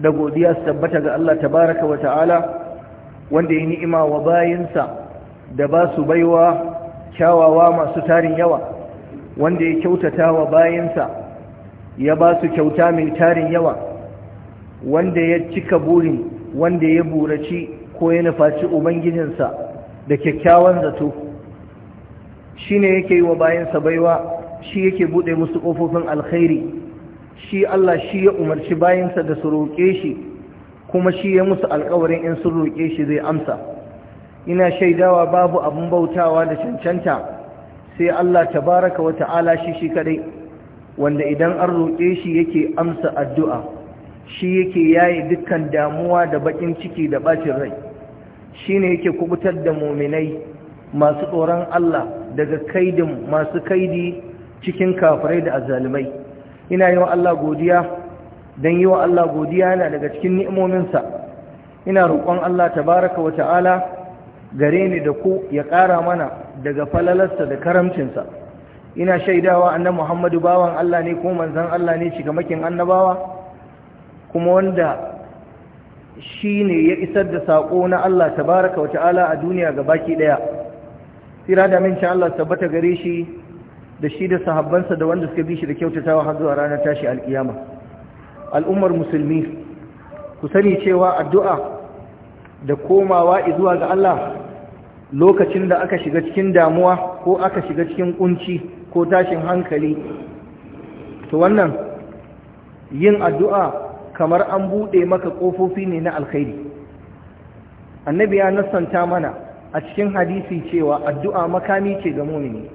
da godiya su tabbata ga Allah tabaraka wa ta'ala wanda ya ni'ima wa bayinsa da ba su baiwa kyawawa masu tarin yawa wanda ya kyautata wa bayinsa ya ba su kyauta mai tarin yawa wanda ya cika burin wanda ya buraci ko ya nufaci ubangijinsa da kyakkyawan zato shi ne yake yi wa bayansa baiwa shi yake buɗe musu ƙofofin alkhairi shi Allah shi ya umarci bayansa da su roƙe shi kuma shi ya musu alƙawarin in sun roƙe shi zai amsa ina shaidawa babu abin bautawa da cancanta sai Allah tabaraka wa ta'ala shi shi kadai wanda idan an roƙe shi yake amsa addu'a shi yake yayi dukkan damuwa da bakin ciki da bacin rai shine yake kubutar da muminai masu tsoron Allah daga kaidin masu kaidi cikin kafirai da azzalumai ina yi wa Allah godiya don yi wa Allah godiya yana daga cikin ni'imominsa ina roƙon Allah tabaraka wa ta'ala gare ni da ku ya ƙara mana daga falalarsa da karamcinsa ina shaidawa annan muhammadu bawan Allah ne ko manzan Allah ne makin annabawa kuma wanda shi ne ya isar da saƙo na Allah tabaraka wa ta'ala a duniya ga baki ɗaya tsira da minci Allah tabbata gare shi da shi da sahabbansa da wanda suka bi shi da kyautatawa har zuwa ranar tashi alkiyama al'ummar musulmi ku sani cewa addu'a da komawa zuwa ga Allah lokacin da aka shiga cikin damuwa ko aka shiga cikin kunci ko tashin hankali to wannan yin addu'a kamar an buɗe maka kofofi ne na alkhairi annabi ya nasanta mana a cikin hadisi cewa addu'a makami ce ga mumini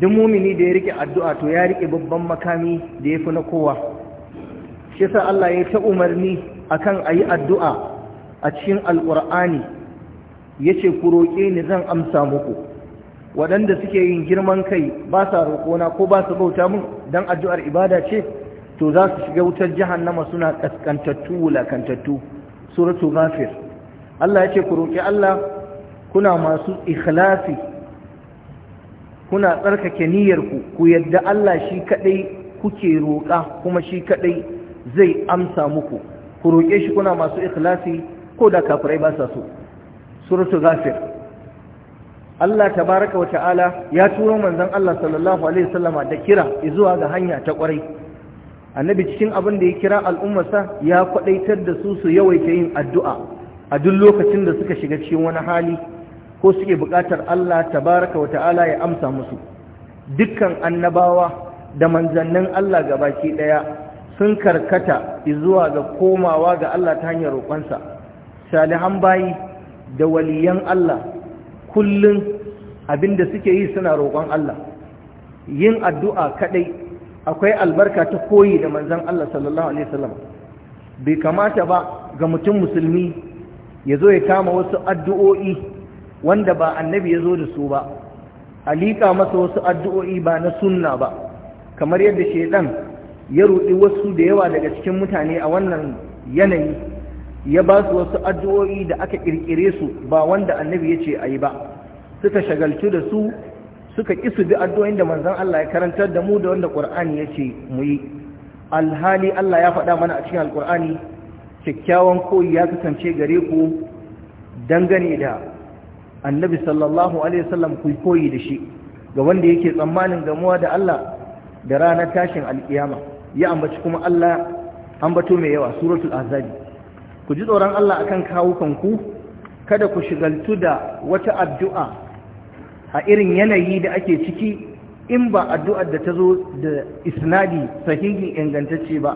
duk mumini da ya rike addu'a to ya rike babban makami da ya fi na kowa shi sa Allah ya ta umarni akan a yi addu'a a cikin alƙur'ani ya ce ku roƙe ni zan amsa muku waɗanda suke yin girman kai ba sa roƙona ko ba su bauta mun don addu'ar ibada ce to za su shiga wutar jahannama suna ƙasƙantattu wulakantattu suratu ghafir Allah ya ce ku roƙi Allah kuna masu ikhlasi kuna tsarkake niyyarku ku yadda Allah shi kaɗai kuke roƙa kuma shi kaɗai zai amsa muku ku roƙe shi kuna masu ikhlasi ko da kafirai ba sa so suratul ghafir Allah tabaraka wa ta'ala ya turo manzon Allah sallallahu alaihi wasallama da kira zuwa ga hanya ta kwarai annabi cikin abin da ya kira al'ummarsa ya kwadaitar da su su yawaita yin addu'a a duk lokacin da suka shiga cikin wani hali ko suke buƙatar Allah tabaraka wata'ala ya amsa musu dukkan annabawa da manzannin Allah ga baki ɗaya sun karkata zuwa ga komawa ga Allah ta hanyar roƙonsa salihan bayi da waliyan Allah kullum abinda suke yi suna roƙon Allah yin addu'a kadai akwai albarka ta koyi da manzan Allah sallallahu alaihi wasallam bai kamata ba ga mutum musulmi ya zo ya kama wasu addu'o'i wanda ba annabi ya zo da su ba a liƙa masa wasu addu'o'i ba na sunna ba kamar yadda shaidan ya ruɗi wasu da yawa daga cikin mutane a wannan yanayi ya ba su wasu addu'o'i da aka ƙirƙire su ba wanda annabi ya ce a yi ba suka shagaltu da su suka ƙi su bi addu'o'in da manzan Allah ya karantar da mu da wanda ƙur'ani ya ce mu yi alhali Allah ya faɗa mana a cikin alƙur'ani kyakkyawan koyi ya kasance gare ku dangane da annabi sallallahu alaihi wasallam ku koyi da shi ga wanda yake tsammanin gamuwa da Allah da ranar tashin alkiyama ya ambaci kuma Allah ambato mai yawa suratul azabi ku ji tsoron Allah akan kawukan ku kada ku shigaltu da wata addu'a a irin yanayi da ake ciki in ba addu'ar da ta zo da isnadi sahihi ingantacce ba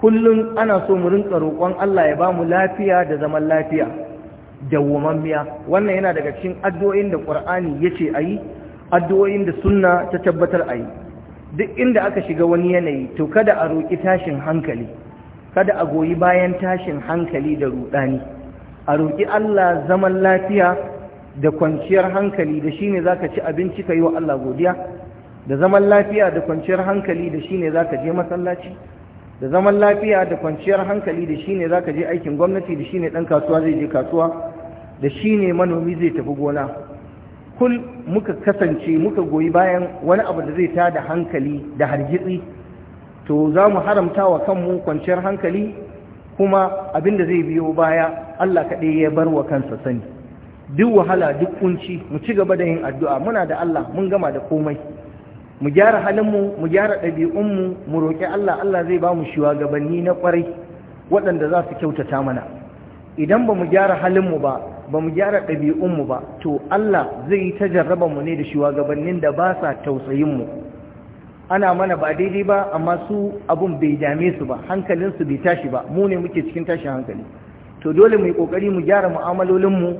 kullum ana so mu rinka roƙon Allah ya ba mu lafiya da zaman lafiya dawwamammiya wannan yana daga cikin addu'o'in da Qur'ani yace ayi addu'o'in da sunna ta tabbatar ayi duk inda aka shiga wani yanayi to kada a roki tashin hankali kada a goyi bayan tashin hankali da rudani a roki Allah zaman lafiya da kwanciyar hankali da shine zaka ci abinci kai wa Allah godiya da zaman lafiya da kwanciyar hankali da shine zaka je masallaci da zaman lafiya da kwanciyar hankali da shine ka je aikin gwamnati da shine dan kasuwa zai je kasuwa da shine manomi zai tafi gona kul muka kasance muka goyi bayan wani abu da zai tada hankali da hargitsi to za mu haramta wa kanmu kwanciyar hankali kuma abin da zai biyo baya Allah kaɗai ya bar wa kansa sani duk wahala duk kunci mu ci gaba da yin addu'a muna da Allah mun gama da komai mu gyara halinmu mu gyara ɗabi'unmu mu roƙi Allah Allah zai ba mu shugabanni na ƙwarai waɗanda za su kyautata mana idan ba mu gyara halinmu ba ba mu gyara ɗabi'unmu ba to Allah zai yi ta mu ne da shugabannin da ba sa tausayinmu ana mana ba daidai ba amma su abun bai dame su ba hankalinsu bai tashi ba mu ne muke cikin tashin hankali to dole mu yi ƙoƙari mu gyara mu'amalolinmu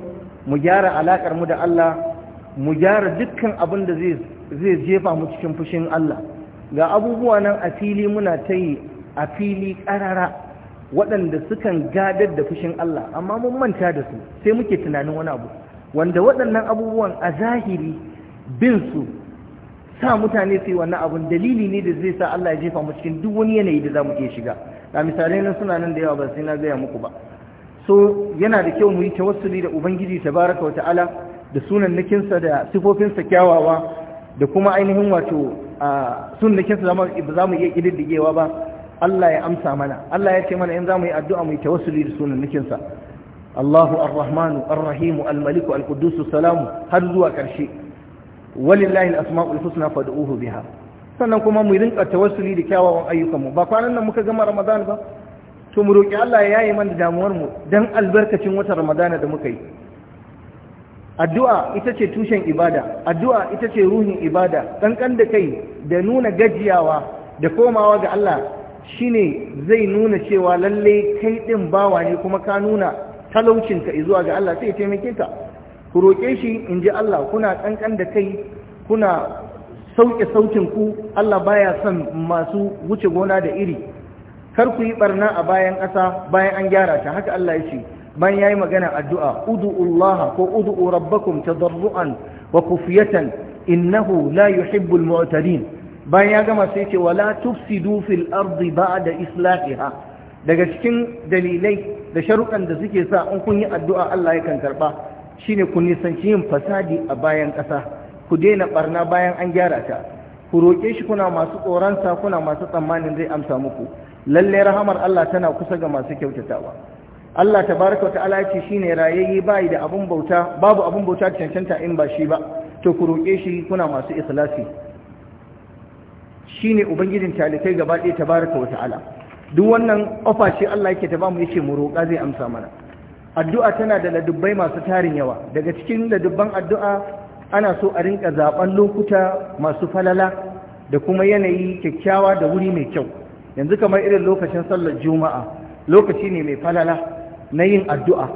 mu gyara alakar mu da Allah mu gyara dukkan abin da zai zai jefa mu cikin fushin Allah ga abubuwa nan a fili muna ta yi a fili ƙarara waɗanda sukan gadar da fushin Allah amma mun manta da su sai muke tunanin wani abu wanda waɗannan abubuwan a zahiri bin su sa mutane su yi wannan abun dalili ne da zai sa Allah ya jefa mu cikin duk wani yanayi da za mu iya shiga ga misalai nan suna nan da yawa ba sai na gaya muku ba so yana da kyau mu yi tawassuli da ubangiji tabaraka wa ta'ala da sunan nakinsa da sifofinsa kyawawa da kuma ainihin wato da su za mu iya ƙididdigewa ba Allah ya amsa mana Allah ya ce mana in za mu yi addu'a mu yi tawassuli da sunnakin sa Allahu ar-Rahmanu ar rahimu al maliku al-Quddus salamu har zuwa ƙarshe walillahi al-asma'ul husna fad'uhu biha sannan kuma mu rinka tawassuli da kyawawan ayyukan mu ba kwanan nan muka gama Ramadan ba to mu roki Allah ya yaye mana damuwar mu dan albarkacin watan Ramadan da muka yi addu'a ita ce tushen ibada addu'a ita ce ruhin ibada kankan da kai da nuna gajiyawa da komawa ga Allah shine zai nuna cewa lalle kai ɗin bawa ne kuma ka nuna talaucinka zuwa ga Allah sai ya taimake ka ku roƙe shi in ji Allah kuna kankan da kai kuna sauke saukin ku Allah baya son masu wuce gona da iri kar ku yi barna a bayan ƙasa bayan an gyara ta haka Allah ya ce bayan yayi magana addu'a ud'ullaha ko ud'u rabbakum tadarruan wa kufyatan innahu la yuhibbul mu'tadin bayan ya gama sai ce wala tufsidu fil ardi ba'da islahiha daga cikin dalilai da sharuɗan da suke sa in kun yi addu'a Allah yakan karba shine ku nisanci yin fasadi a bayan ƙasa ku daina ɓarna bayan an gyara ta ku roƙe shi kuna masu tsoron sa kuna masu tsammanin zai amsa muku Lallai rahamar Allah tana kusa ga masu kyautatawa Allah tabaraka wata ta'ala yace shine rayayye bai da abun bauta babu abun bauta cancanta in ba shi ba to ku roƙe shi kuna masu ikhlasi shine ubangijin talikai gaba ɗaya tabaraka wata ala. duk wannan ofa ce Allah yake ta ba mu yace mu roƙa zai amsa mana addu'a tana da ladubbai masu tarin yawa daga cikin ladubban addu'a ana so a rinka zaben lokuta masu falala da kuma yanayi kyakkyawa da wuri mai kyau yanzu kamar irin lokacin sallar juma'a lokaci ne mai falala na yin addu'a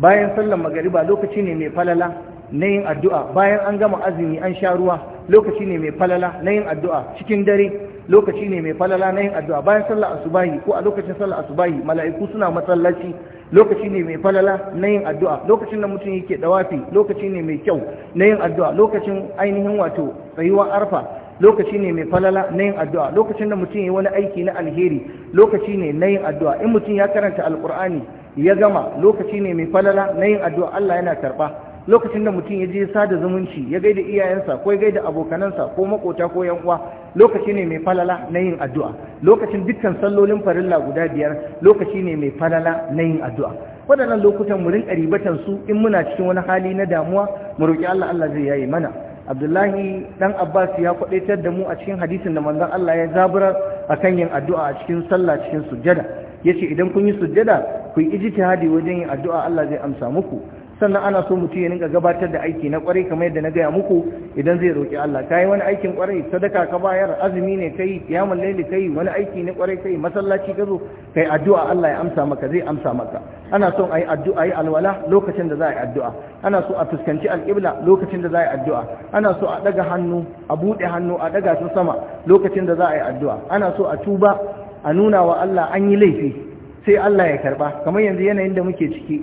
bayan sallar magariba lokaci ne mai falala na yin addu'a bayan an gama azumi an sha ruwa lokaci ne mai falala na yin addu'a cikin dare lokaci ne mai falala na yin addu'a bayan sallar asubahi ko a lokacin sallar asubahi mala'iku suna masallaci lokaci ne mai falala na yin addu'a lokacin da mutum yake dawafi lokaci ne mai kyau na yin addu'a lokacin ainihin wato tsayuwar arfa lokaci ne mai falala na yin addu'a lokacin da mutum ya wani aiki na alheri lokaci ne na yin addu'a in mutum ya karanta alkur'ani ya gama lokaci ne mai falala na yin addu'a Allah yana karɓa lokacin da mutum ya je sada zumunci ya gaida iyayensa ko ya gaida abokanansa ko makota ko yankuwa, lokaci ne mai falala na yin addu'a lokacin dukkan sallolin farilla guda biyar lokaci ne mai falala na yin addu'a waɗannan lokutan mu rinka su in muna cikin wani hali na damuwa mu roƙi Allah Allah zai yayi mana Abdullahi dan Abbas ya kwadaitar da mu a cikin hadisin da manzon Allah ya zaburar akan yin addu'a a cikin sallah cikin sujjada yace idan kun yi sujada. ku yi ijtihadi wajen yin addu'a Allah zai amsa muku sannan ana so mutum ya rinka gabatar da aiki na kwarai kamar yadda na gaya muku idan zai roki Allah ka wani aikin kwarai sadaka ka bayar azumi ne kai kiyamul laili kai wani aiki na kwarai kai masallaci ka zo kai addu'a Allah ya amsa maka zai amsa maka ana son ai addu'a yi alwala lokacin da za a addu'a ana so a fuskanci alƙibla lokacin da za a addu'a ana so a daga hannu a buɗe hannu a daga su sama lokacin da za a yi addu'a ana so a tuba a nuna wa Allah an yi laifi sai Allah ya karba kamar yanzu yanayin da muke ciki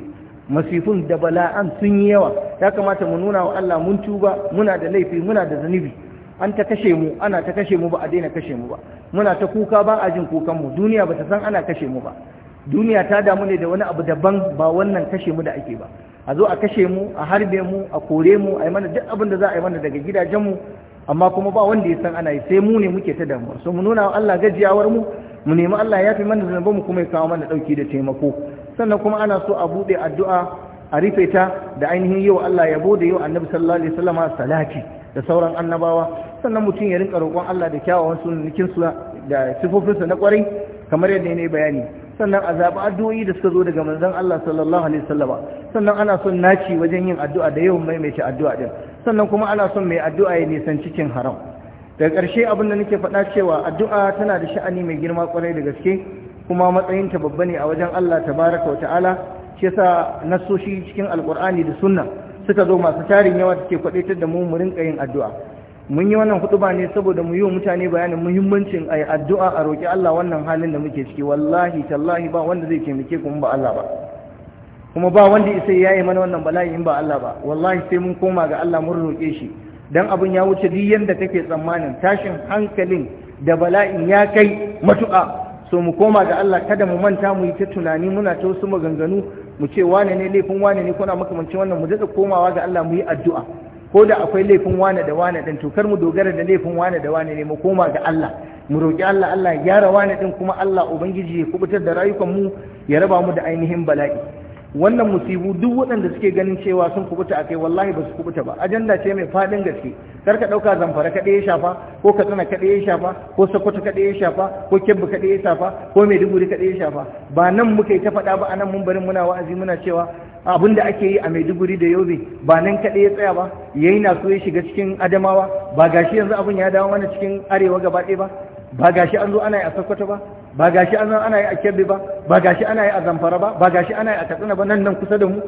masifun da bala'an sun yi yawa ya kamata mu nuna wa Allah mun tuba muna da laifi muna da zunubi an ta kashe mu ana ta kashe mu ba a daina kashe mu ba muna ta kuka ba a jin kukan mu duniya ba ta san ana kashe mu ba duniya ta damu ne da wani abu daban ba wannan kashe mu da ake ba a zo a kashe mu a harbe mu a kore mu a yi mana duk abin da za a yi mana daga gidajen mu amma kuma ba wanda ya san ana yi sai mu ne muke ta damuwa so mu nuna wa Allah gajiyawar mu mu nemi Allah ya fi mana zunuban mu kuma ya kawo mana ɗauki da taimako sannan kuma ana so a buɗe addu'a a rufe ta da ainihin yau Allah ya bude yau Annabi sallallahu alaihi wasallama salati da sauran annabawa sannan mutum ya rinka roƙon Allah da kyawawan sunan su da sifofinsa na kwarai kamar yadda ne bayani sannan a zaɓi addu'o'i da suka zo daga manzon Allah sallallahu alaihi sannan ana son naci wajen yin addu'a da yau maimaita addu'a din sannan kuma ana son mai addu'a ya nisan cikin haram daga ƙarshe abin da nake faɗa cewa addu'a tana da sha'ani mai girma kwarai da gaske kuma matsayinta babba ne a wajen Allah baraka wa ta'ala shi yasa nasoshi cikin alkur'ani da sunna suka zo masu tarin yawa take kwadaitar da mu mu rinka yin addu'a mun yi wannan ba ne saboda mu yi wa mutane bayanin muhimmancin a yi addu'a a roƙi Allah wannan halin da muke ciki wallahi tallahi ba wanda zai taimake kuma ba Allah ba kuma ba wanda isai ya yi mana wannan bala'i in ba Allah ba wallahi sai mun koma ga Allah mun roƙe shi dan abin ya wuce duk yanda take tsammanin tashin hankalin da bala'in ya kai matuƙa so mu koma ga Allah kada mu manta mu yi ta tunani muna ta wasu maganganu mu ce wane ne laifin wane ne kuna makamancin wannan mu daɗa komawa ga Allah mu yi addu'a ko da akwai laifin wane da wane ɗin to mu dogara da laifin wane da wane ne mu koma ga Allah mu roƙi Allah Allah ya gyara wane ɗin kuma Allah ubangiji ya kubutar da rayukan mu ya raba mu da ainihin bala'i wannan musibu duk waɗanda suke ganin cewa sun kubuta a kai wallahi ba su kubuta ba ajanda ce mai faɗin gaske kar ka ɗauka zamfara kaɗai ya shafa ko katsina kaɗai ya shafa ko sokoto kaɗai ya shafa ko kebbi kaɗai ya shafa ko mai maiduguri kaɗai ya shafa ba nan muka yi ta faɗa ba a nan mun barin muna wa'azi muna cewa abin da ake yi a maiduguri da yobe ba nan kaɗai ya tsaya ba yayi na so ya shiga cikin adamawa ba gashi yanzu abin ya dawo mana cikin arewa gaba ɗaya ba ba gashi an zo ana yi a sokoto ba ba ga shi ana yi a kebbi ba ba ga shi ana yi a zamfara ba ba ga shi ana yi a katsina ba nan kusa da mu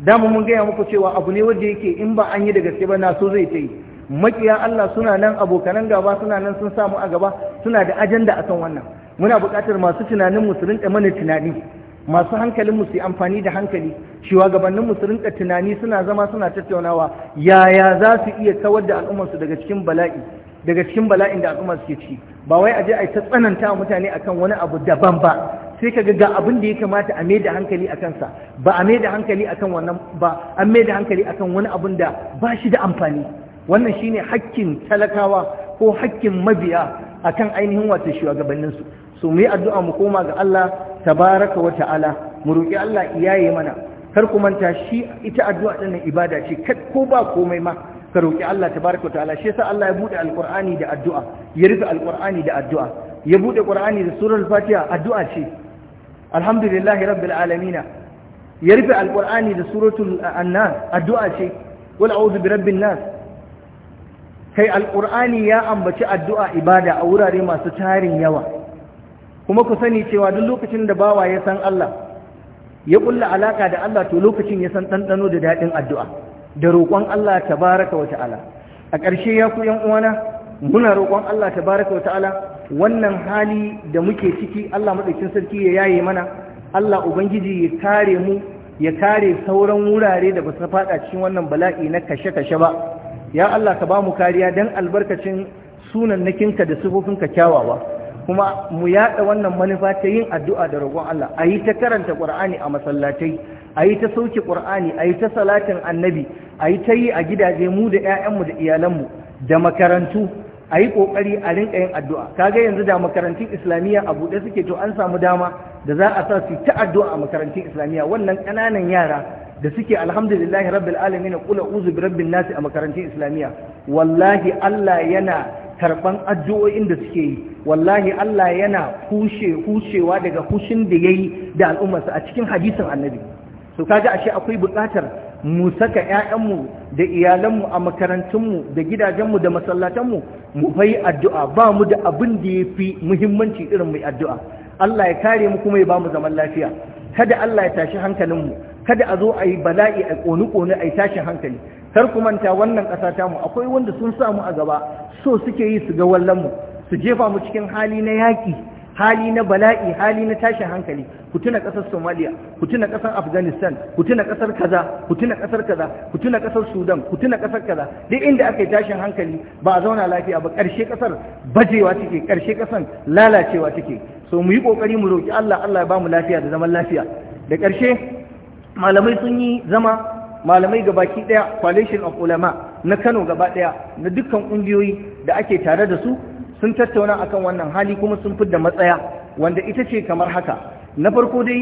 Damu mun gaya muku cewa abu ne wanda yake in ba an yi da gaske ba na zai ta yi makiya Allah suna nan abokanan gaba suna nan sun samu a gaba suna da ajanda a san wannan muna buƙatar masu tunanin musulun da mana tunani masu hankalin musu amfani da hankali cewa gabanin musulun da tunani suna zama suna tattaunawa yaya za su iya kawar da al'ummar su daga cikin bala'i daga cikin bala'in da al'ummar suke ciki ba wai a je a ta tsananta mutane akan wani abu daban ba sai ka ga abin da ya kamata a mai da hankali a kansa ba a mai da hankali akan wannan ba a mai da hankali akan wani abin da ba shi da amfani wannan shi ne hakkin talakawa ko hakkin mabiya a kan ainihin wata shugabanninsu su mu yi addu'a mu koma ga Allah tabaraka wa ta'ala mu roƙi Allah iyaye mana kar ku manta shi ita addu'a ɗin ibada ce ko ba komai ma ka roƙi Allah ta ta'ala shi yasa Allah ya bude alqur'ani da addu'a ya rufe alqur'ani da addu'a ya bude qur'ani da surar fatiha addu'a ce alhamdulillahi rabbil alamin ya rufe alqur'ani da suratul annas addu'a ce wal a'udhu bi rabbin nas kai alqur'ani ya ambaci addu'a ibada a wurare masu tarin yawa kuma ku sani cewa duk lokacin da bawa ya san Allah ya kulla alaka da Allah to lokacin ya san ɗanɗano da daɗin addu'a da roƙon Allah baraka wa ta'ala a ƙarshe ya ku yan uwana muna roƙon Allah tabaraka wa ta'ala wannan hali da muke ciki Allah madaukin sarki ya yaye mana Allah ubangiji ya kare mu ya kare sauran wurare da ba su faɗa cikin wannan bala'i na kashe-kashe ba ya Allah ka ba mu kariya dan albarkacin sunan nakinka da sifofinka kyawawa kuma mu yada wannan manufa ta yin addu'a da roƙon Allah a yi ta karanta ƙur'ani a masallatai a yi ta sauke ƙur'ani a yi ta salatin annabi a yi ta yi a gidaje mu da 'ya'yanmu da iyalanmu da makarantu a yi ƙoƙari a rinƙa yin addu'a kaga yanzu da makarantun islamiyya a buɗe suke to an samu dama da za a sa su ta addu'a a makarantun islamiyya wannan ƙananan yara da suke alhamdulillahi rabbil alamin kula uzu bi rabbin nasi a makarantun islamiyya wallahi Allah yana karɓan addu'o'in da suke yi wallahi Allah yana kushe kushewa daga kushin da yayi da al'ummarsa a cikin hadisin annabi to kaga ashe akwai buƙatar mu saka ƴaƴanmu da iyalanmu a makarantunmu da gidajenmu da masallatanmu mu fayi addu'a ba mu da abin da ya fi muhimmanci irin mai addu'a Allah ya kare mu kuma ya ba mu zaman lafiya kada Allah ya tashi hankalinmu kada a zo a yi bala'i a ƙoni-ƙoni a yi tashin hankali kar ku manta wannan ƙasa mu, akwai wanda sun sa mu a gaba so suke yi su ga wallanmu su jefa mu cikin hali na yaƙi hali na bala'i hali na tashin hankali ku tuna ƙasar somaliya ku tuna ƙasar afghanistan ku tuna ƙasar kaza ku tuna ƙasar kaza ku tuna ƙasar sudan ku tuna ƙasar kaza duk inda aka tashin hankali ba a zauna lafiya ba ƙarshe ƙasar bajewa take ƙarshe ƙasar lalacewa take so mu yi ƙoƙari mu roƙi allah allah ya ba lafiya da zaman lafiya da ƙarshe malamai sun yi zama malamai gabaki ɗaya coalition of ulama na kano gaba ɗaya na dukkan ƙungiyoyi da ake tare da su sun tattauna akan wannan hali kuma sun fi da matsaya wanda ita ce kamar haka na farko dai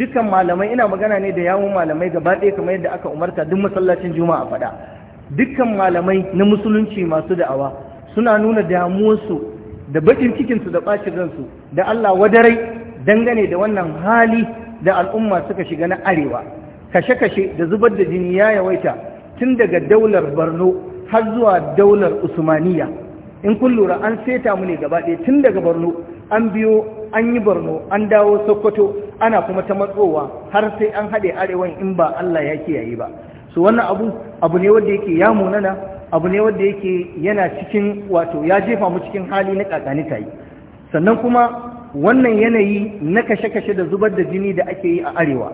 dukan malamai ina magana ne da yawon malamai gaba ɗaya kamar yadda aka umarta duk masallacin juma'a faɗa dukkan malamai na musulunci masu da'awa suna nuna damuwarsu da bakin cikinsu da ɓacin ransu da Allah wadarai dangane da wannan hali da al'umma suka shiga na arewa kashe-kashe da zubar da jini ya yawaita tun daga daular borno har zuwa daular usmaniya in kun lura an seta mu ne gaba ɗaya tun daga borno an biyo an yi borno an dawo sokoto ana kuma ta matsowa har sai an haɗe arewan in ba allah ya kiyaye ba su wannan abu abu ne wanda yake ya munana abu ne wanda yake yana cikin wato ya jefa mu cikin hali na kakani tayi sannan kuma wannan yanayi na kashe-kashe da zubar da jini da ake yi a arewa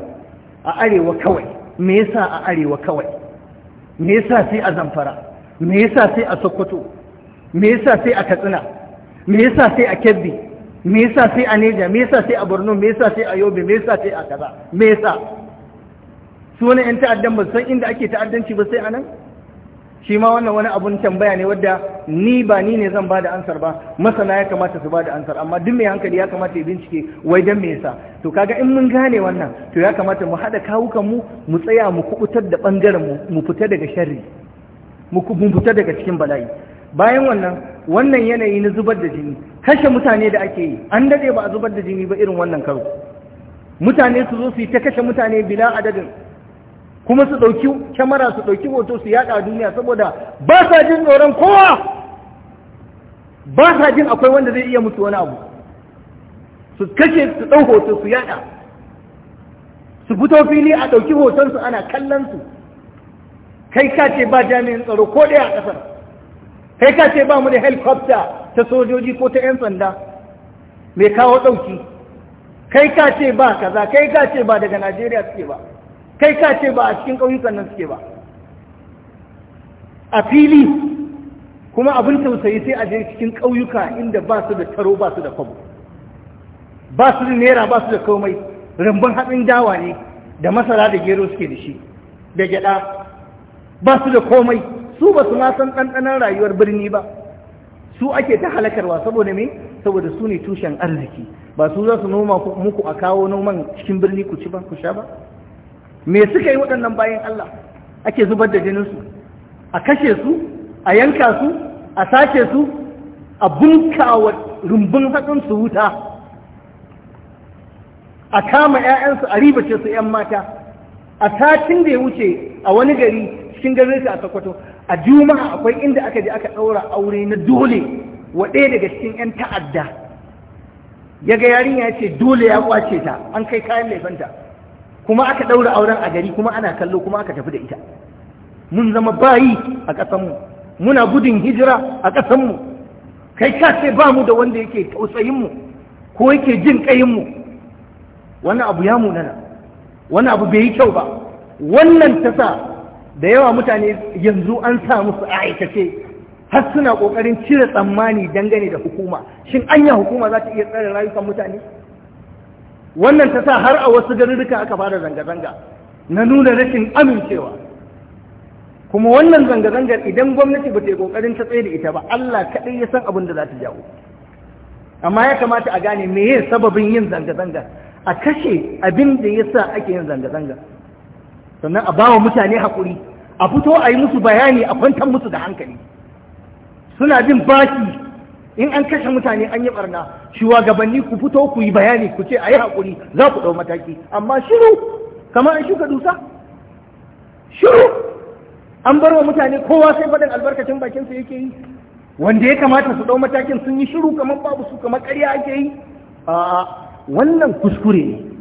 a arewa kawai me yasa a arewa kawai me yasa sai a zamfara me yasa sai a sokoto me yasa sai a katsina me yasa sai a kebbi me yasa sai a neja me yasa sai a borno me yasa sai a yobe me yasa sai a kaza me yasa su yan ta'addan ba san inda ake ta'addanci ba sai a nan shi ma wannan wani abun tambaya ne wadda ni ba ni ne zan ba da ansar ba masana ya kamata su bada ansar amma duk mai hankali ya kamata ya bincike wai dan me yasa to kaga in mun gane wannan to ya kamata mu hada kawukan mu mu tsaya mu kubutar da bangaren mu mu fita daga sharri mu fita daga cikin bala'i bayan wannan wannan yanayi na zubar da jini kashe mutane da ake yi an dade ba a zubar da jini ba irin wannan karo mutane su zo su yi ta kashe mutane bila adadin kuma su ɗauki kyamara su ɗauki hoto su yaɗa duniya saboda ba sa jin tsoron kowa ba sa jin akwai wanda zai iya mutu wani abu su kashe su ɗau hoto su yaɗa su fito fili a ɗauki hotonsu ana kallon su kai ka ce ba jami'in tsaro ko ɗaya a ƙasar kai ka ce ba mu da helicopter ta sojoji ko ta 'yan sanda mai kawo ɗauki kai ka ce ba kaza kai ka ce ba daga najeriya suke ba kai ka ce ba a cikin ƙauyukan nan suke ba a fili kuma abin tausayi sai a je cikin ƙauyuka inda ba su da taro ba su da kwabo ba su da naira ba su da komai rumbun haɗin dawa ne da masara da gero suke da shi da gyaɗa ba su da komai su ba su ma san ɗanɗanon rayuwar birni ba su ake ta halakarwa saboda me saboda su ne tushen arziki ba su za su noma muku a kawo noman cikin birni ku ci ba ku sha ba me suka yi waɗannan bayan Allah ake zubar da su a kashe su a yanka su a sace su a bunkawa rumbun hakan su wuta a kama 'ya'yansu a ribace su 'yan mata a satin da ya wuce a wani gari cikin garin a sakwato a juma'a akwai inda aka je aka ɗaura aure na dole wa ɗaya daga cikin 'yan ta'adda ya ga yarinya ce dole ya kwace ta an kai kayan laifanta kuma aka ɗaura auren a gari kuma ana kallo kuma aka tafi da ita mun zama bayi a ƙasanmu muna gudun hijira a ƙasanmu kai ka ce ba mu da wanda yake tausayinmu ko yake jin ƙayinmu Wani abu ya munana wannan abu bai yi kyau ba wannan ta sa da yawa mutane yanzu an sa musu aikace har suna kokarin cire tsammani dangane da hukuma shin anya hukuma za ta iya tsare rayukan mutane wannan ta sa har a wasu garuruka aka fara zanga-zanga na nuna rashin amincewa kuma wannan zanga-zangar idan gwamnati ba ta yi kokarin ta tsaye da ita ba Allah kaɗai ya san abin da za ta jawo amma ya kamata a gane me sababin yin zanga-zangar a kashe abin da ya sa ake yin zanga-zangar sannan a bawa mutane haƙuri a fito a yi musu bayani a kwantar musu da hankali suna jin baki in an kashe mutane an yi barna shugabanni ku fito ku yi bayani ku ce a yi haƙuri za ku ɗau mataki amma shiru kamar an shuka dusa shiru an bar wa mutane kowa sai faɗin albarkacin bakin su yake yi wanda ya kamata su ɗau matakin sun yi shiru kamar babu su kamar ƙarya ake yi a wannan kuskure ne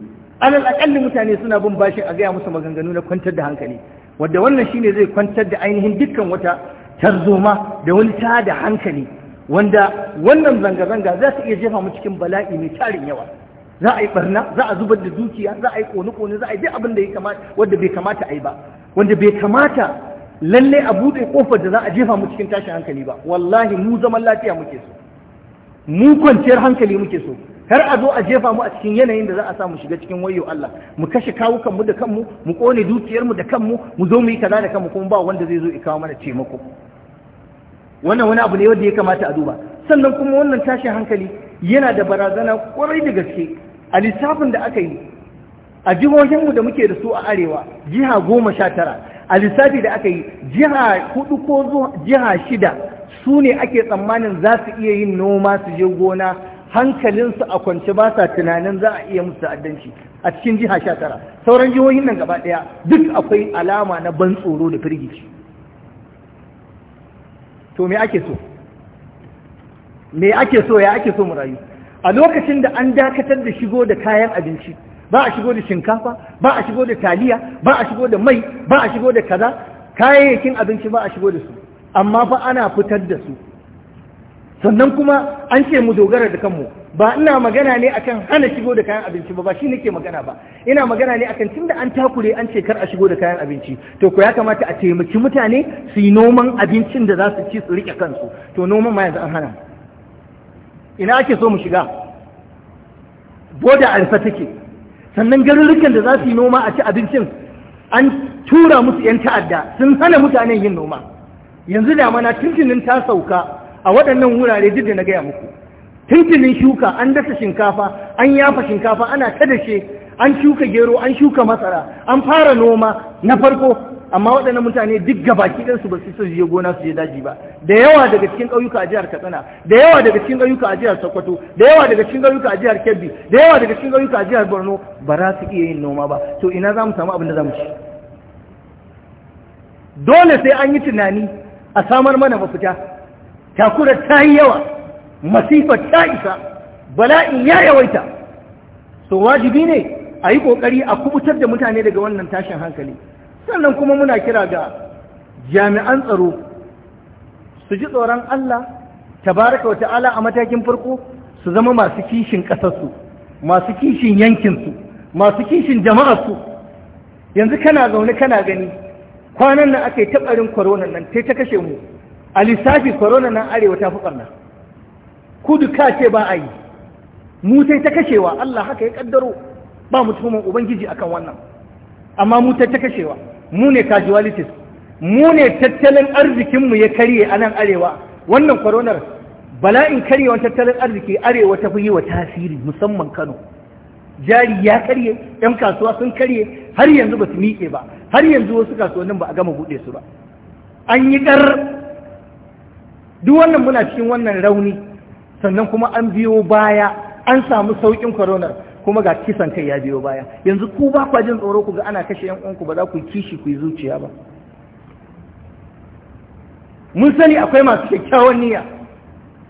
alal akalli mutane suna bin bashin a gaya musu maganganu na kwantar da hankali wadda wannan shine zai kwantar da ainihin dukkan wata tarzoma da wani ta da hankali wanda wannan zanga-zanga za su iya jefa mu cikin bala'i mai tarin yawa za a yi barna za a zubar da dukiya za a yi kone-kone za a yi duk abin da ya kamata wanda bai kamata a yi ba wanda bai kamata lalle a buɗe kofar da za a jefa mu cikin tashin hankali ba wallahi mu zaman lafiya muke so mu kwanciyar hankali muke so kar a zo a jefa mu a cikin yanayin da za a sa shiga cikin wayo Allah mu kashe kawukan mu da kanmu mu kone dukiyarmu da kanmu mu zo mu yi kaza da kanmu kuma ba wanda zai zo ya kawo mana taimako wannan wani abu ne wanda ya kamata a duba sannan kuma wannan tashin hankali yana da barazana kwarai da gaske a lissafin da aka yi a jihohinmu da muke da su a arewa jiha goma sha tara a lissafi da aka yi jiha hudu ko jiha shida su ne ake tsammanin za su iya yin noma su je gona hankalinsu a kwance ba sa tunanin za a iya musu ta'addanci a cikin jiha sha tara sauran jihohin nan gaba ɗaya duk akwai alama na ban tsoro da firgici to me ake so me ake so ya ake so mu rayu a lokacin da an dakatar da shigo da kayan abinci ba a shigo da shinkafa ba a shigo da taliya ba a shigo da mai ba a shigo da kaza kayayyakin abinci ba a shigo da su amma fa ana fitar da su sannan kuma an ce mu dogara da kanmu ba ina magana ne akan hana shigo da kayan abinci ba ba shi nake magana ba ina magana ne akan tunda an takure an ce kar a shigo da kayan abinci to ko ya kamata a taimaki mutane su yi noman abincin da za su ci su rike kansu to noman ma yanzu an hana ina ake so mu shiga boda alfa take sannan garurrukan da za su yi noma a ci abincin an tura musu 'yan ta'adda sun hana mutanen yin noma yanzu damana tuntunin ta sauka a waɗannan wurare duk da na gaya muku tuntunin shuka an dasa shinkafa an yafa shinkafa ana ta dashe an shuka gero an shuka masara an fara noma na farko amma waɗannan mutane duk gabaki ɗansu ba su so je gona su je daji ba da yawa daga cikin ƙauyuka a jihar katsina da yawa daga cikin ƙauyuka a jihar sokoto da yawa daga cikin ƙauyuka a jihar kebbi da yawa daga cikin ƙauyuka a jihar borno ba za su iya yin noma ba to ina za mu samu abin da za mu ci dole sai an yi tunani a samar mana mafita Takurar ta yi yawa masifa ta isa bala'in ya yawaita so wajibi ne a yi ƙoƙari a kubutar da mutane daga wannan tashin hankali sannan kuma muna kira ga jami'an tsaro su ji tsoron Allah tabaraka wa ta'ala a matakin farko su zama masu kishin ƙasarsu masu kishin yankinsu masu kishin jama'arsu yanzu kana zaune kana gani kwanan nan aka yi taɓarin korona nan ta kashe mu a lissafi corona nan arewa ta fi ɓarna kudu ka ce ba a yi mu ta kashewa Allah haka ya kaddaro ba mu tuhumin ubangiji akan wannan amma mu ta kashewa mu ne casualties mu ne tattalin arzikinmu ya karye a nan arewa wannan koronar bala'in karyewar tattalin arziki arewa ta fi yi wa tasiri musamman kano jari ya karye yan kasuwa sun karye har yanzu ba su miƙe ba har yanzu wasu kasuwannin ba a gama buɗe su ba an yi ɗar duk wannan muna cikin wannan rauni sannan kuma an biyo baya an samu saukin koronar kuma ga kisan kai ya biyo baya yanzu ku ba kwa jin tsoro ku ga ana kashe yan uwanku ba za ku kishi ku yi zuciya ba mun sani akwai masu kyakkyawan niyya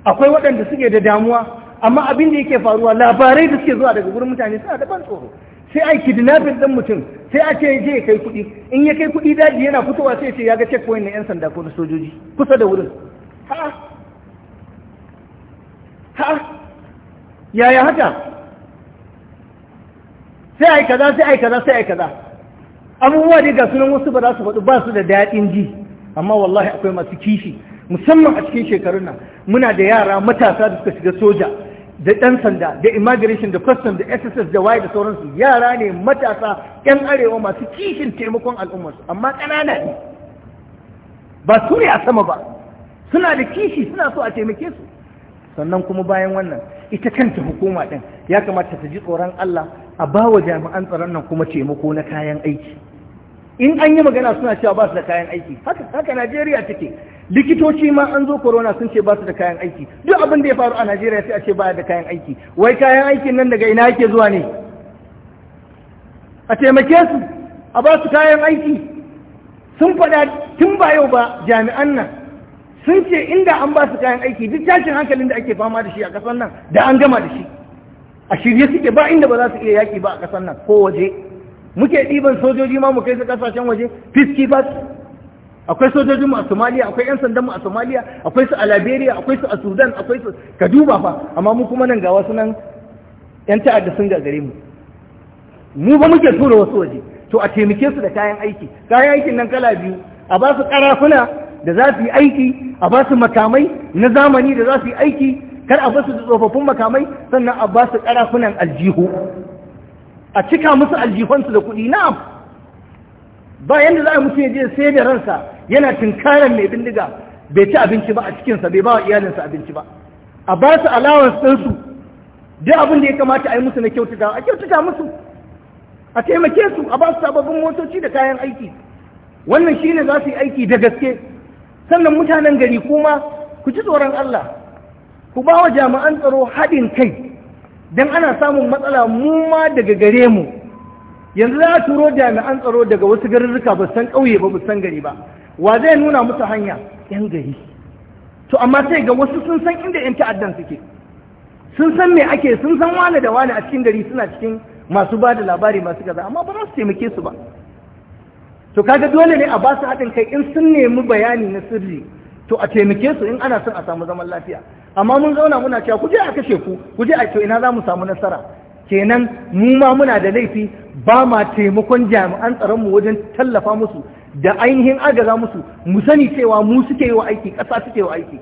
akwai waɗanda suke da damuwa amma abin da yake faruwa labarai da suke zuwa daga gurin mutane suna da ban tsoro sai a kidnapping ɗin mutum sai a ce je kai kuɗi in ya kai kuɗi daji yana fitowa sai ce ya ga checkpoint na 'yan sanda ko na sojoji kusa da wurin ha yaya haka sai ai kaza sai ai kaza sai ai kaza abubuwa ne ga sunan wasu ba za su faɗi ba su da daɗin ji amma wallahi akwai masu kishi musamman a cikin shekarun nan muna da yara matasa da suka shiga soja da ɗan sanda da immigration da custom da sss da waye da sauransu yara ne matasa 'yan arewa masu kishin taimakon al'ummarsu amma ƙanana ba su ne a sama ba suna da kishi suna so a taimake su sannan kuma bayan wannan ita kanta hukuma ɗin ya kamata ta ji tsoron Allah a ba wa jami'an tsaron nan kuma taimako na kayan aiki in an yi magana suna cewa ba su da kayan aiki haka haka Najeriya take likitoci ma an zo corona sun ce ba su da kayan aiki duk abin da ya faru a Najeriya sai a ce ba da kayan aiki wai kayan aikin nan daga ina yake zuwa ne a taimake su a ba su kayan aiki sun faɗa tun ba yau ba jami'an nan sun ce inda an ba su kayan aiki duk tashin hankalin da ake fama da shi a ƙasar nan da an gama da shi a shirye suke ba inda ba za su iya yaki ba a ƙasar nan ko waje muke ɗiban sojoji ma mu kai su ƙasashen waje fiski ba akwai sojojin mu a Somalia akwai yan sandan mu a Somalia akwai su a Liberia akwai su a Sudan akwai su ka duba fa amma mu kuma nan ga wasu nan yan ta'adda sun gagare mu mu ba muke tura wasu waje to a taimake su da kayan aiki kayan aikin nan kala biyu a ba su karafuna da za su yi aiki a ba su makamai na zamani da za su yi aiki kar a basu da tsofaffin makamai sannan a ba su karafunan aljihu a cika musu aljihunsu da kuɗi na'am ba yadda za a mutum ya je sai da ransa yana tunkarar mai bindiga bai ci abinci ba a cikinsa bai ba wa iyalinsa abinci ba a ba su alawar ɗinsu duk abin da ya kamata a yi musu na kyautuka a kyautuka musu a taimake su a ba su sababbin motoci da kayan aiki wannan shine za su yi aiki da gaske sannan mutanen gari kuma ku ji tsoron Allah ku ba wa jami'an tsaro haɗin kai don ana samun matsala mu ma daga gare mu yanzu za a turo jami'an tsaro daga wasu garurruka ba san ƙauye ba san gari ba wa zai nuna musu hanya yan gari to amma sai ga wasu sun san inda yan ta'addan suke sun san me ake sun san wane da wane a cikin gari suna cikin masu ba da labari masu kaza amma ba za su taimake su ba to kaga dole ne a ba su haɗin kai in sun nemi bayani na sirri to a taimake su in ana son a samu zaman lafiya amma mun zauna muna cewa ku je a kashe ku ku je a to ina za mu samu nasara kenan mu ma muna da laifi ba ma taimakon jami'an tsaronmu wajen tallafa musu da ainihin agaza musu mu sani cewa mu suke yi wa aiki ƙasa suke wa aiki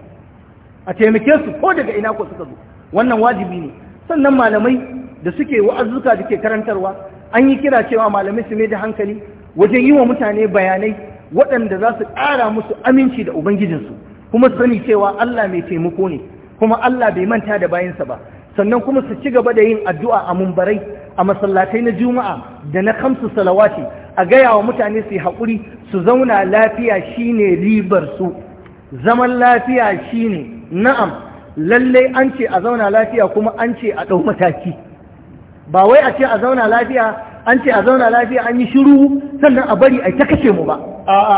a taimake su ko daga ina ko suka zo wannan wajibi ne sannan malamai da suke wa'azuka da ke karantarwa an yi kira cewa malamai su mai da hankali wajen yi wa mutane bayanai waɗanda za su ƙara musu aminci da ubangijinsu kuma sani cewa Allah mai taimako ne kuma Allah bai manta da bayansa ba sannan kuma su ci gaba da yin addu'a a mumbarai a masallatai na juma'a da na kamsu salawati a gaya wa mutane su yi haƙuri su zauna lafiya shine ribar su zaman lafiya shine na'am lallai an ce a zauna lafiya kuma an ce a ɗau mataki ba wai a ce a zauna lafiya an ce a zauna lafiya an yi shiru sannan a bari a ta kashe mu ba a'a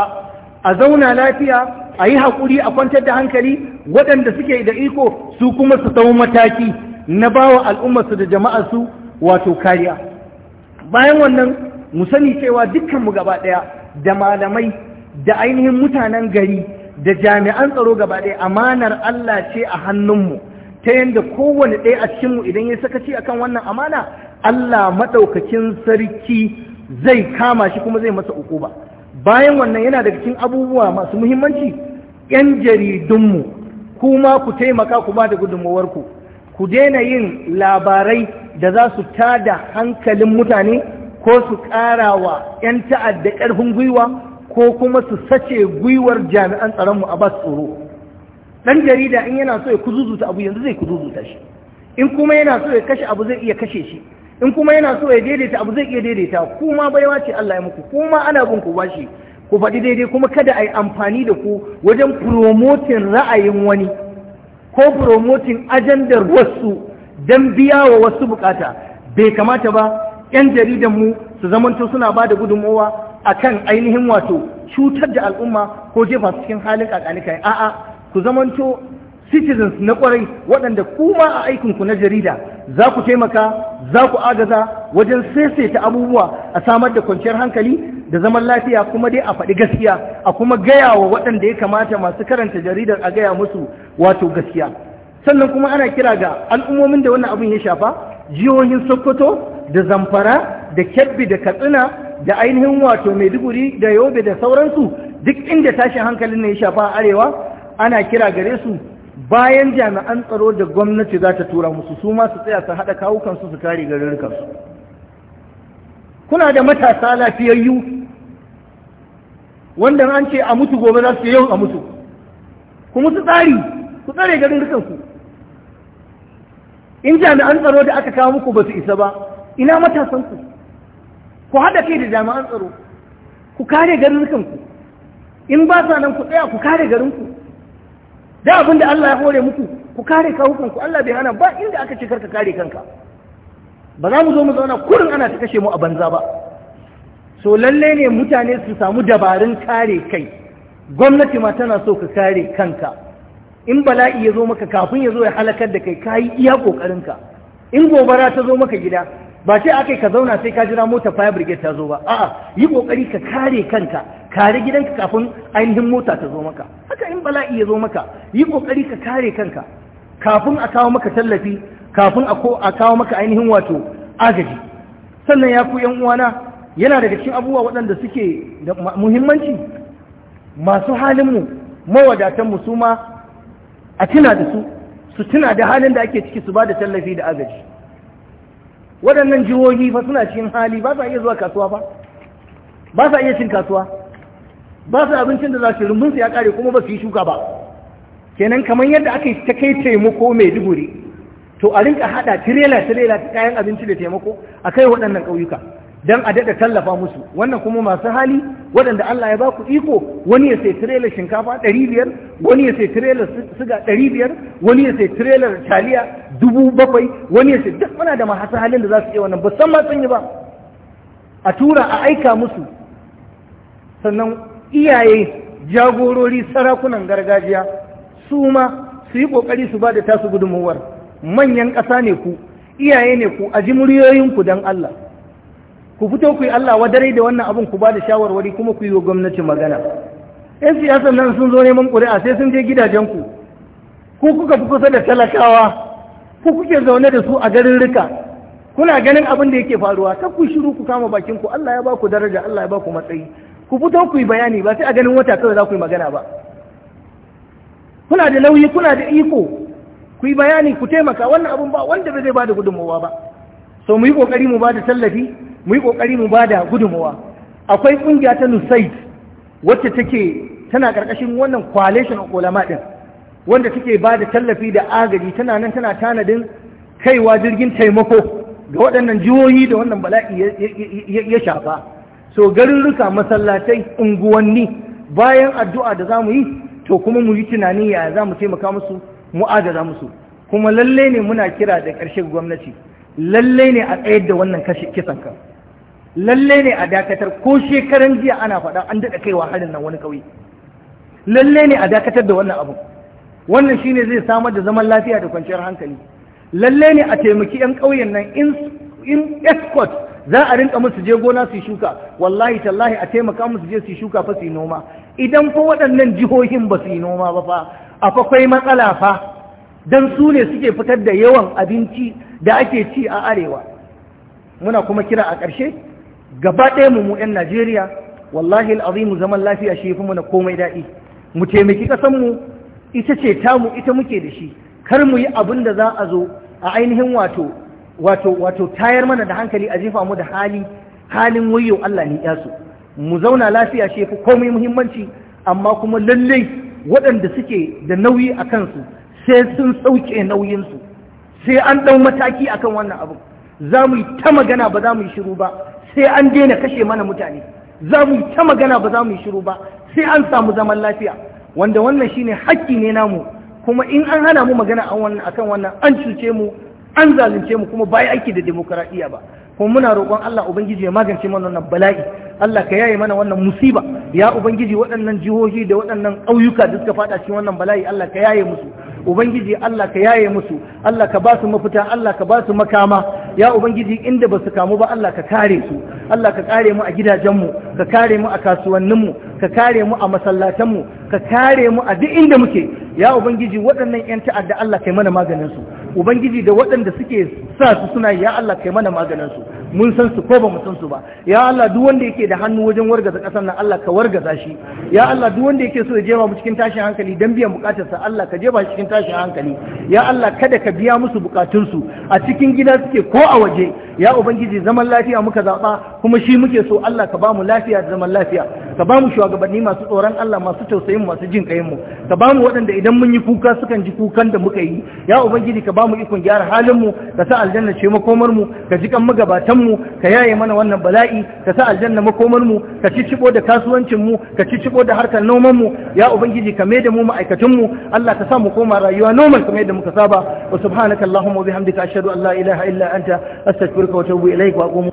a zauna lafiya a yi haƙuri a kwantar da hankali waɗanda suke da iko su kuma su tsawo mataki na bawa al'ummarsu da jama'arsu wato kariya bayan wannan mu sani cewa dukkanmu gaba ɗaya da malamai da ainihin mutanen gari da jami'an tsaro gaba ɗaya amanar Allah ce a hannunmu ta yadda kowane ɗaya a cikinmu idan ya sakaci akan wannan amana Allah maɗaukakin sarki zai kama shi kuma zai masa uku ba, bayan wannan yana daga cikin abubuwa masu muhimmanci 'yan jaridunmu kuma ku taimaka ku ba da gudunmuwarku ku daina yin labarai da za su tada hankalin mutane ko su ƙara wa 'yan ta'adda ƙarfin gwiwa ko kuma su sace gwiwar jami'an tsaronmu a bas tsoro ɗan jarida in yana so ya kuzuzuta abu yanzu zai kuzuzuta shi in kuma yana so ya kashe abu zai iya kashe shi in kuma yana so ya daidaita abu zai iya daidaita kuma baiwa ce Allah ya muku kuma ana bin ku bashi ku faɗi daidai kuma kada a yi amfani da ku wajen promotin ra'ayin wani ko promotin ajandar wasu don biya wa wasu bukata bai kamata ba 'yan mu su zamanto suna ba da gudunmowa a kan ainihin wato cutar da al'umma ko jefa su cikin halin kakanikai a'a ku zamanto citizens na kwarai waɗanda kuma a aikinku na jarida za ku taimaka za ku agaza wajen ta abubuwa a samar da kwanciyar hankali da zaman lafiya kuma dai a faɗi gaskiya a kuma gaya wa waɗanda ya kamata masu karanta jaridar a gaya musu wato gaskiya sannan kuma ana kira ga al'ummomin da wannan abin ya shafa jihohin sokoto da zamfara da kebbi da katsina da ainihin wato maiduguri da yobe da sauransu duk inda tashin hankalin ne ya shafa a arewa ana kira gare su bayan jami'an tsaro da gwamnati za ta tura musu su ma su tsaya su haɗa kawukansu su kare garin garurukansu kuna da matasa lafiyayyu wanda an ce a mutu gobe za su yau a mutu kuma su tsari ku tsare garin garurukansu in jami'an tsaro da aka kawo muku ba su isa ba ina matasansu ku haɗa kai da jami'an tsaro ku kare garin garurukanku in ba sa nan ku tsaya ku kare garinku da abin da Allah ya hore muku ku kare kawukanku Allah bai hana ba inda aka ce karka kare kanka ba za mu zo mu zauna kurin ana ta kashe mu a banza ba so lalle ne mutane su samu dabarun kare kai gwamnati ma tana so ka kare kanka in bala'i ya zo maka kafin ya zo ya halakar da kai kayi iya kokarin ka in gobara ta zo maka gida ba ce aka ka zauna sai ka jira mota fire brigade ta zo ba a'a yi kokari ka kare kanka kare gidanka kafin ainihin mota ta zo maka haka in bala'i ya zo maka yi kokari ka kare kanka kafin a kawo maka tallafi kafin a kawo maka ainihin wato agaji sannan ya ku yan uwana yana daga cikin abubuwa waɗanda suke da muhimmanci masu halinmu mawadatanmu su ma a tuna da su su tuna da halin da ake ciki su ba da tallafi da agaji waɗannan jihohi fa suna cikin hali ba sa iya zuwa kasuwa ba ba sa iya cin kasuwa ba su abincin da za su rumbun su ya kare kuma ba su yi shuka ba kenan kamar yadda aka yi ta kai taimako mai duguri to a rinka haɗa tirela tirela ta kayan abinci da taimako a kai waɗannan ƙauyuka don a daɗa tallafa musu wannan kuma masu hali waɗanda Allah ya ba ku iko wani ya sai tirelar shinkafa ɗari biyar wani ya sai tirelar siga ɗari biyar wani ya sai tirelar taliya dubu bakwai wani ya sai duk muna da masu halin da za su iya wannan ba san ma sun yi ba a tura a aika musu sannan iyaye jagorori sarakunan gargajiya su ma su yi ƙoƙari su ba da tasu gudunmuwar manyan ƙasa ne ku iyaye ne ku a ji muryoyinku don Allah ku fito ku yi Allah wadare da wannan abin ku ba da shawarwari kuma ku yi wa gwamnati magana yan siyasan nan sun zo neman ƙuri'a sai sun je gidajen ku kuka fi kusa da talakawa ku kuke zaune da su a garin rika kuna ganin abin da yake faruwa ta ku shiru ku kama bakin ku Allah ya ba ku daraja Allah ya ba ku matsayi ku fito ku yi bayani ba sai a ganin wata kawai za ku yi magana ba kuna da nauyi kuna da iko ku yi bayani ku taimaka wannan abin ba wanda ba zai ba da gudunmawa ba so mu yi kokari mu ba da tallafi mu yi ƙoƙari mu ba da gudunmawa akwai ƙungiya ta nusaid wacce take tana ƙarƙashin wannan coalition of ulama ɗin wanda take ba da tallafi da agaji tana nan tana tanadin kaiwa jirgin taimako ga waɗannan jihohi da wannan bala'i ya shafa so garurruka masallatai unguwanni bayan addu'a da za mu yi to kuma mu yi tunani ya za mu taimaka musu mu agaza musu kuma lalle ne muna kira da ƙarshen gwamnati lalle ne a tsayar da wannan kisan kan lalle ne a dakatar ko shekaran jiya ana faɗa an daɗa kaiwa harin nan wani ƙauye lalle ne a dakatar da wannan abu wannan shine zai samar da zaman lafiya da kwanciyar hankali lalle ne a taimaki 'yan ƙauyen nan in escort za a rinka musu je gona su shuka wallahi tallahi a taimaka musu je su shuka fa su noma idan fa waɗannan jihohin ba su yi noma ba fa akwai matsala fa don su ne suke fitar da yawan abinci da ake ci a arewa muna kuma kira a ƙarshe gaba ɗaya mu mu 'yan Najeriya wallahi al'azimu zaman lafiya shi fi mana komai daɗi mu taimaki ƙasanmu ita ce ta mu ita muke da shi kar mu yi abin da za a zo a ainihin wato wato wato tayar mana da hankali a jefa mu da hali halin wayo Allah ne yasu mu zauna lafiya shi fi komai muhimmanci amma kuma lallai waɗanda suke da nauyi a kansu sai sun sauke nauyinsu sai an ɗau mataki akan wannan abu za mu yi ta magana ba za mu yi shiru ba sai an daina kashe mana mutane za mu yi ta magana ba za mu yi shiru ba sai an samu zaman lafiya wanda wannan shine haƙƙi ne namu kuma in an hana mu magana akan wannan an cuce mu an zalunce mu kuma bai aiki da demokaradiyya ba kuma muna roƙon Allah ubangiji ya magance mana wannan bala'i Allah ka yaye mana wannan musiba ya ubangiji waɗannan jihohi da waɗannan ƙauyuka da suka fada cikin wannan bala'i Allah ka yaye musu ubangiji Allah ka yaye musu Allah ka ba su mafita Allah ka ba su makama ya ubangiji inda ba su kamu ba Allah ka kare su Allah ka kare mu a gidajenmu ka kare mu a kasuwanninmu ka kare mu a masallatanmu ka kare mu a duk inda muke ya ubangiji waɗannan 'yan ta'adda Allah kai mana maganin su ubangiji da waɗanda suke sa su suna ya Allah kai mana maganin su mun san su ko ba mu san su ba ya Allah duk wanda yake da hannu wajen wargaza ƙasar nan Allah ka wargaza shi ya Allah duk wanda yake so ya jefa mu cikin tashin hankali dan biyan bukatar sa Allah ka jefa cikin tashin hankali ya Allah kada ka biya musu bukatun su a cikin gida suke ko a waje ya ubangiji zaman lafiya muka zaba kuma shi muke so Allah ka ba mu lafiya da zaman lafiya ka ba mu shugabanni masu tsoron Allah masu tausayin masu jin kayan mu ka ba mu waɗanda idan mun yi kuka sukan ji kukan da muka yi ya ubangiji ka ba mu ikon gyara halin mu ka sa aljanna ce makomar mu ka ji kan magabatan mu ka yaye mana wannan bala'i ka sa aljanna makomar mu ka ci cicibo da kasuwancin mu ka cicibo da harkar noman mu ya ubangiji ka da mu ma'aikatan mu Allah ka sa mu koma rayuwa Noman kamar yadda muka saba wa subhanaka allahumma wa bihamdika ashhadu an la ilaha illa anta astaghfiruka wa atubu ilaik wa aqumu